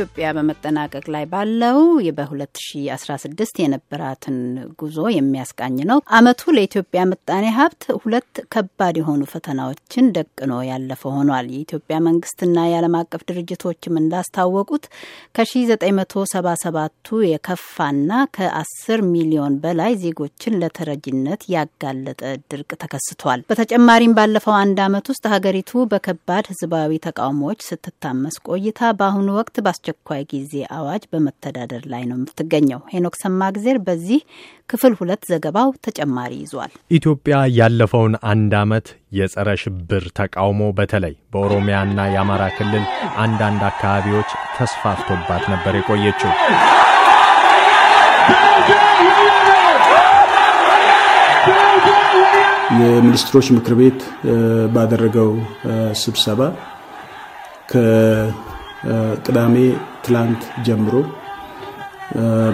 ኢትዮጵያ በመጠናቀቅ ላይ ባለው በ2016 የነበራትን ጉዞ የሚያስቃኝ ነው። ዓመቱ ለኢትዮጵያ ምጣኔ ሀብት ሁለት ከባድ የሆኑ ፈተናዎችን ደቅኖ ያለፈ ሆኗል። የኢትዮጵያ መንግስትና የዓለም አቀፍ ድርጅቶችም እንዳስታወቁት ከ1977ቱ የከፋና ከ10 ሚሊዮን በላይ ዜጎችን ለተረጂነት ያጋለጠ ድርቅ ተከስቷል። በተጨማሪም ባለፈው አንድ ዓመት ውስጥ ሀገሪቱ በከባድ ህዝባዊ ተቃውሞዎች ስትታመስ ቆይታ በአሁኑ ወቅት የአስቸኳይ ጊዜ አዋጅ በመተዳደር ላይ ነው የምትገኘው። ሄኖክ ሰማግዜር በዚህ ክፍል ሁለት ዘገባው ተጨማሪ ይዟል። ኢትዮጵያ ያለፈውን አንድ ዓመት የጸረ ሽብር ተቃውሞ በተለይ በኦሮሚያና የአማራ ክልል አንዳንድ አካባቢዎች ተስፋፍቶባት ነበር የቆየችው። የሚኒስትሮች ምክር ቤት ባደረገው ስብሰባ ቅዳሜ ትላንት ጀምሮ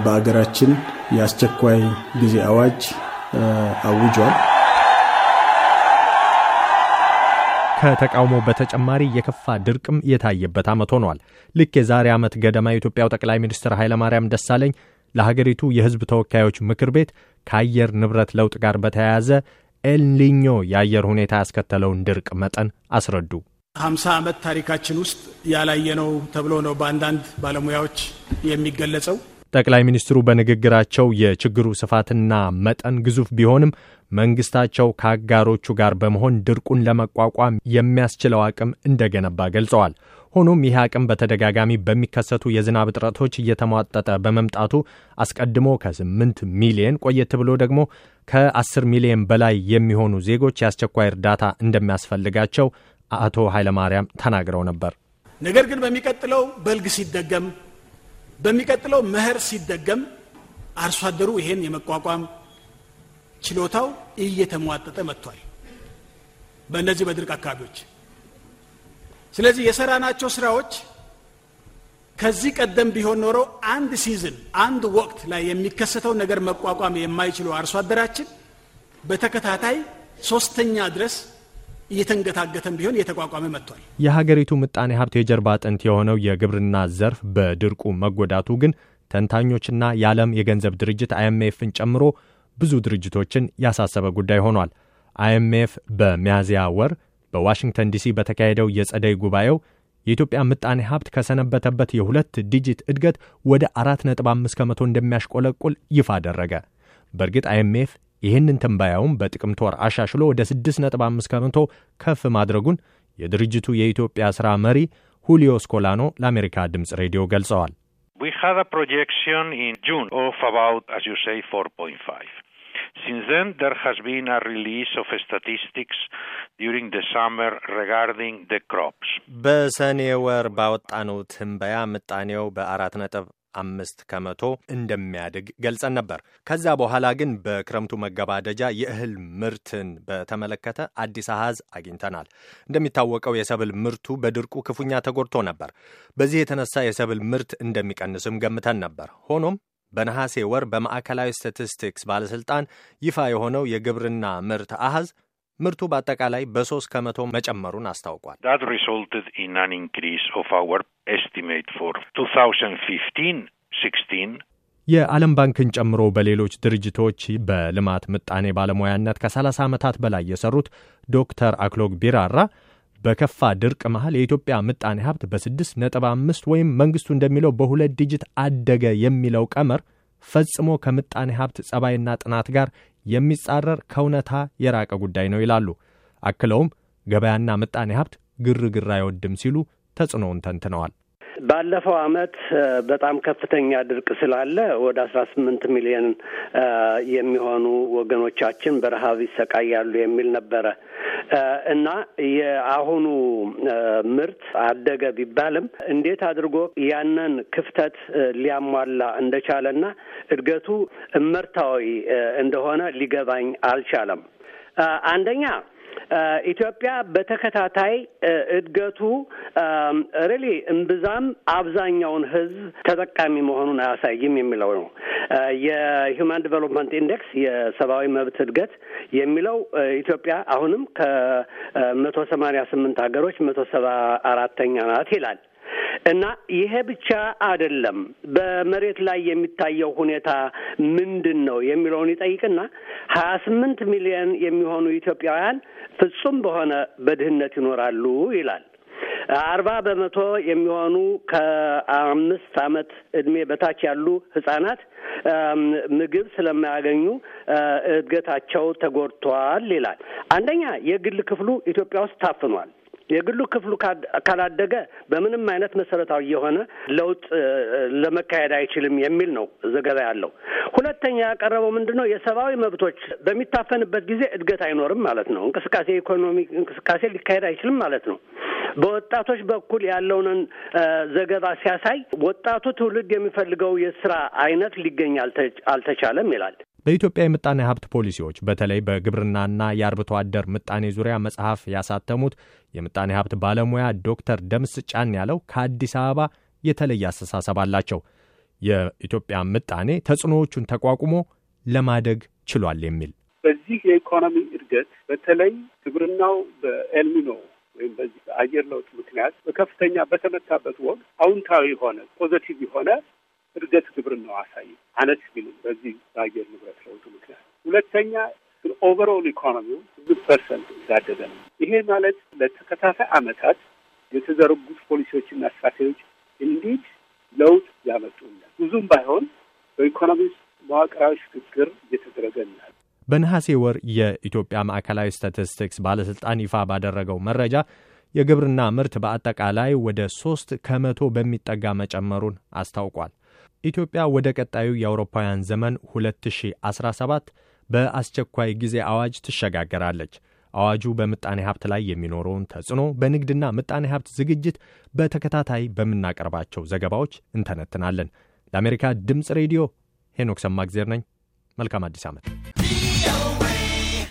በአገራችን የአስቸኳይ ጊዜ አዋጅ አውጇል። ከተቃውሞ በተጨማሪ የከፋ ድርቅም የታየበት ዓመት ሆኗል። ልክ የዛሬ ዓመት ገደማ የኢትዮጵያው ጠቅላይ ሚኒስትር ኃይለማርያም ደሳለኝ ለሀገሪቱ የሕዝብ ተወካዮች ምክር ቤት ከአየር ንብረት ለውጥ ጋር በተያያዘ ኤልኒኞ የአየር ሁኔታ ያስከተለውን ድርቅ መጠን አስረዱ። ሀምሳ ዓመት ታሪካችን ውስጥ ያላየነው ተብሎ ነው በአንዳንድ ባለሙያዎች የሚገለጸው። ጠቅላይ ሚኒስትሩ በንግግራቸው የችግሩ ስፋትና መጠን ግዙፍ ቢሆንም መንግስታቸው ከአጋሮቹ ጋር በመሆን ድርቁን ለመቋቋም የሚያስችለው አቅም እንደገነባ ገልጸዋል። ሆኖም ይህ አቅም በተደጋጋሚ በሚከሰቱ የዝናብ እጥረቶች እየተሟጠጠ በመምጣቱ አስቀድሞ ከ8 ሚሊየን ቆየት ብሎ ደግሞ ከ10 ሚሊየን በላይ የሚሆኑ ዜጎች የአስቸኳይ እርዳታ እንደሚያስፈልጋቸው አቶ ኃይለማርያም ተናግረው ነበር። ነገር ግን በሚቀጥለው በልግ ሲደገም፣ በሚቀጥለው መኸር ሲደገም አርሶ አደሩ ይሄን የመቋቋም ችሎታው እየተሟጠጠ መጥቷል በእነዚህ በድርቅ አካባቢዎች። ስለዚህ የሰራናቸው ስራዎች ከዚህ ቀደም ቢሆን ኖሮ አንድ ሲዝን አንድ ወቅት ላይ የሚከሰተው ነገር መቋቋም የማይችለው አርሶ አደራችን በተከታታይ ሶስተኛ ድረስ እየተንገታገተም ቢሆን እየተቋቋመ መጥቷል። የሀገሪቱ ምጣኔ ሀብት የጀርባ አጥንት የሆነው የግብርና ዘርፍ በድርቁ መጎዳቱ ግን ተንታኞችና የዓለም የገንዘብ ድርጅት አይኤምኤፍን ጨምሮ ብዙ ድርጅቶችን ያሳሰበ ጉዳይ ሆኗል። አይኤምኤፍ በሚያዝያ ወር በዋሽንግተን ዲሲ በተካሄደው የጸደይ ጉባኤው የኢትዮጵያ ምጣኔ ሀብት ከሰነበተበት የሁለት ዲጂት እድገት ወደ 4.5 ከመቶ እንደሚያሽቆለቁል ይፋ አደረገ። በእርግጥ አይኤምኤፍ ይህንን ትንባያውም በጥቅምት ወር አሻሽሎ ወደ 6.5 መቶ ከፍ ማድረጉን የድርጅቱ የኢትዮጵያ ሥራ መሪ ሁሊዮ ስኮላኖ ለአሜሪካ ድምፅ ሬዲዮ ገልጸዋል። በሰኔ ወር ባወጣነው ትንበያ ምጣኔው በአራት ነጥብ አምስት ከመቶ እንደሚያድግ ገልጸን ነበር። ከዛ በኋላ ግን በክረምቱ መገባደጃ የእህል ምርትን በተመለከተ አዲስ አሃዝ አግኝተናል። እንደሚታወቀው የሰብል ምርቱ በድርቁ ክፉኛ ተጎድቶ ነበር። በዚህ የተነሳ የሰብል ምርት እንደሚቀንስም ገምተን ነበር። ሆኖም በነሐሴ ወር በማዕከላዊ ስታቲስቲክስ ባለሥልጣን ይፋ የሆነው የግብርና ምርት አሃዝ ምርቱ በአጠቃላይ በሶስት ከመቶ መጨመሩን አስታውቋል። ዳት ሪሶልትድ ኢን አን ኢንክሪዝ ኦፍ አወር ኤስቲሜት ፎር 2015 16 የዓለም ባንክን ጨምሮ በሌሎች ድርጅቶች በልማት ምጣኔ ባለሙያነት ከ30 ዓመታት በላይ የሰሩት ዶክተር አክሎግ ቢራራ በከፋ ድርቅ መሃል የኢትዮጵያ ምጣኔ ሀብት በ6 ነጥብ 5 ወይም መንግስቱ እንደሚለው በሁለት ዲጂት አደገ የሚለው ቀመር ፈጽሞ ከምጣኔ ሀብት ጸባይና ጥናት ጋር የሚጻረር ከእውነታ የራቀ ጉዳይ ነው ይላሉ። አክለውም ገበያና ምጣኔ ሀብት ግርግር አይወድም ሲሉ ተጽዕኖውን ተንትነዋል። ባለፈው አመት በጣም ከፍተኛ ድርቅ ስላለ ወደ አስራ ስምንት ሚሊዮን የሚሆኑ ወገኖቻችን በረሀብ ይሰቃያሉ የሚል ነበረ እና የአሁኑ ምርት አደገ ቢባልም እንዴት አድርጎ ያንን ክፍተት ሊያሟላ እንደቻለና እድገቱ እመርታዊ እንደሆነ ሊገባኝ አልቻለም። አንደኛ ኢትዮጵያ በተከታታይ እድገቱ ሪሊ እምብዛም አብዛኛውን ህዝብ ተጠቃሚ መሆኑን አያሳይም የሚለው ነው። የሂውማን ዲቨሎፕመንት ኢንዴክስ የሰብአዊ መብት እድገት የሚለው ኢትዮጵያ አሁንም ከመቶ ሰማኒያ ስምንት ሀገሮች መቶ ሰባ አራተኛ ናት ይላል። እና ይሄ ብቻ አይደለም። በመሬት ላይ የሚታየው ሁኔታ ምንድን ነው የሚለውን ይጠይቅና ሀያ ስምንት ሚሊዮን የሚሆኑ ኢትዮጵያውያን ፍጹም በሆነ በድህነት ይኖራሉ ይላል። አርባ በመቶ የሚሆኑ ከአምስት አመት እድሜ በታች ያሉ ህጻናት ምግብ ስለማያገኙ እድገታቸው ተጎድቷል ይላል። አንደኛ የግል ክፍሉ ኢትዮጵያ ውስጥ ታፍኗል። የግሉ ክፍሉ ካላደገ በምንም አይነት መሰረታዊ የሆነ ለውጥ ለመካሄድ አይችልም የሚል ነው ዘገባ ያለው። ሁለተኛ ያቀረበው ምንድን ነው? የሰብአዊ መብቶች በሚታፈንበት ጊዜ እድገት አይኖርም ማለት ነው። እንቅስቃሴ ኢኮኖሚ እንቅስቃሴ ሊካሄድ አይችልም ማለት ነው። በወጣቶች በኩል ያለውን ዘገባ ሲያሳይ ወጣቱ ትውልድ የሚፈልገው የስራ አይነት ሊገኝ አልተቻለም ይላል። በኢትዮጵያ የምጣኔ ሀብት ፖሊሲዎች በተለይ በግብርናና የአርብቶ አደር ምጣኔ ዙሪያ መጽሐፍ ያሳተሙት የምጣኔ ሀብት ባለሙያ ዶክተር ደምስ ጫን ያለው ከአዲስ አበባ የተለየ አስተሳሰብ አላቸው። የኢትዮጵያ ምጣኔ ተጽዕኖዎቹን ተቋቁሞ ለማደግ ችሏል የሚል በዚህ የኢኮኖሚ እድገት በተለይ ግብርናው በኤልሚኖ ወይም በዚህ በአየር ለውጥ ምክንያት በከፍተኛ በተመታበት ወቅት አውንታዊ የሆነ ፖዘቲቭ የሆነ እድገት ነው አሳይ አነስ ቢልም በዚህ በአየር ንብረት ለውጡ ምክንያት። ሁለተኛ ኦቨርኦል ኢኮኖሚው ብዙ ፐርሰንት እንዳደገ ነው። ይሄ ማለት ለተከታታይ አመታት የተዘረጉት ፖሊሲዎችና ስትራቴጂዎች እንዲህ ለውጥ ያመጡ ብዙም ባይሆን በኢኮኖሚ መዋቅራዊ ሽግግር እየተደረገ ናል። በነሐሴ ወር የኢትዮጵያ ማዕከላዊ ስታቲስቲክስ ባለሥልጣን ይፋ ባደረገው መረጃ የግብርና ምርት በአጠቃላይ ወደ ሶስት ከመቶ በሚጠጋ መጨመሩን አስታውቋል። ኢትዮጵያ ወደ ቀጣዩ የአውሮፓውያን ዘመን 2017 በአስቸኳይ ጊዜ አዋጅ ትሸጋገራለች። አዋጁ በምጣኔ ሀብት ላይ የሚኖረውን ተጽዕኖ በንግድና ምጣኔ ሀብት ዝግጅት በተከታታይ በምናቀርባቸው ዘገባዎች እንተነትናለን። ለአሜሪካ ድምፅ ሬዲዮ ሄኖክ ሰማግዜር ነኝ። መልካም አዲስ ዓመት።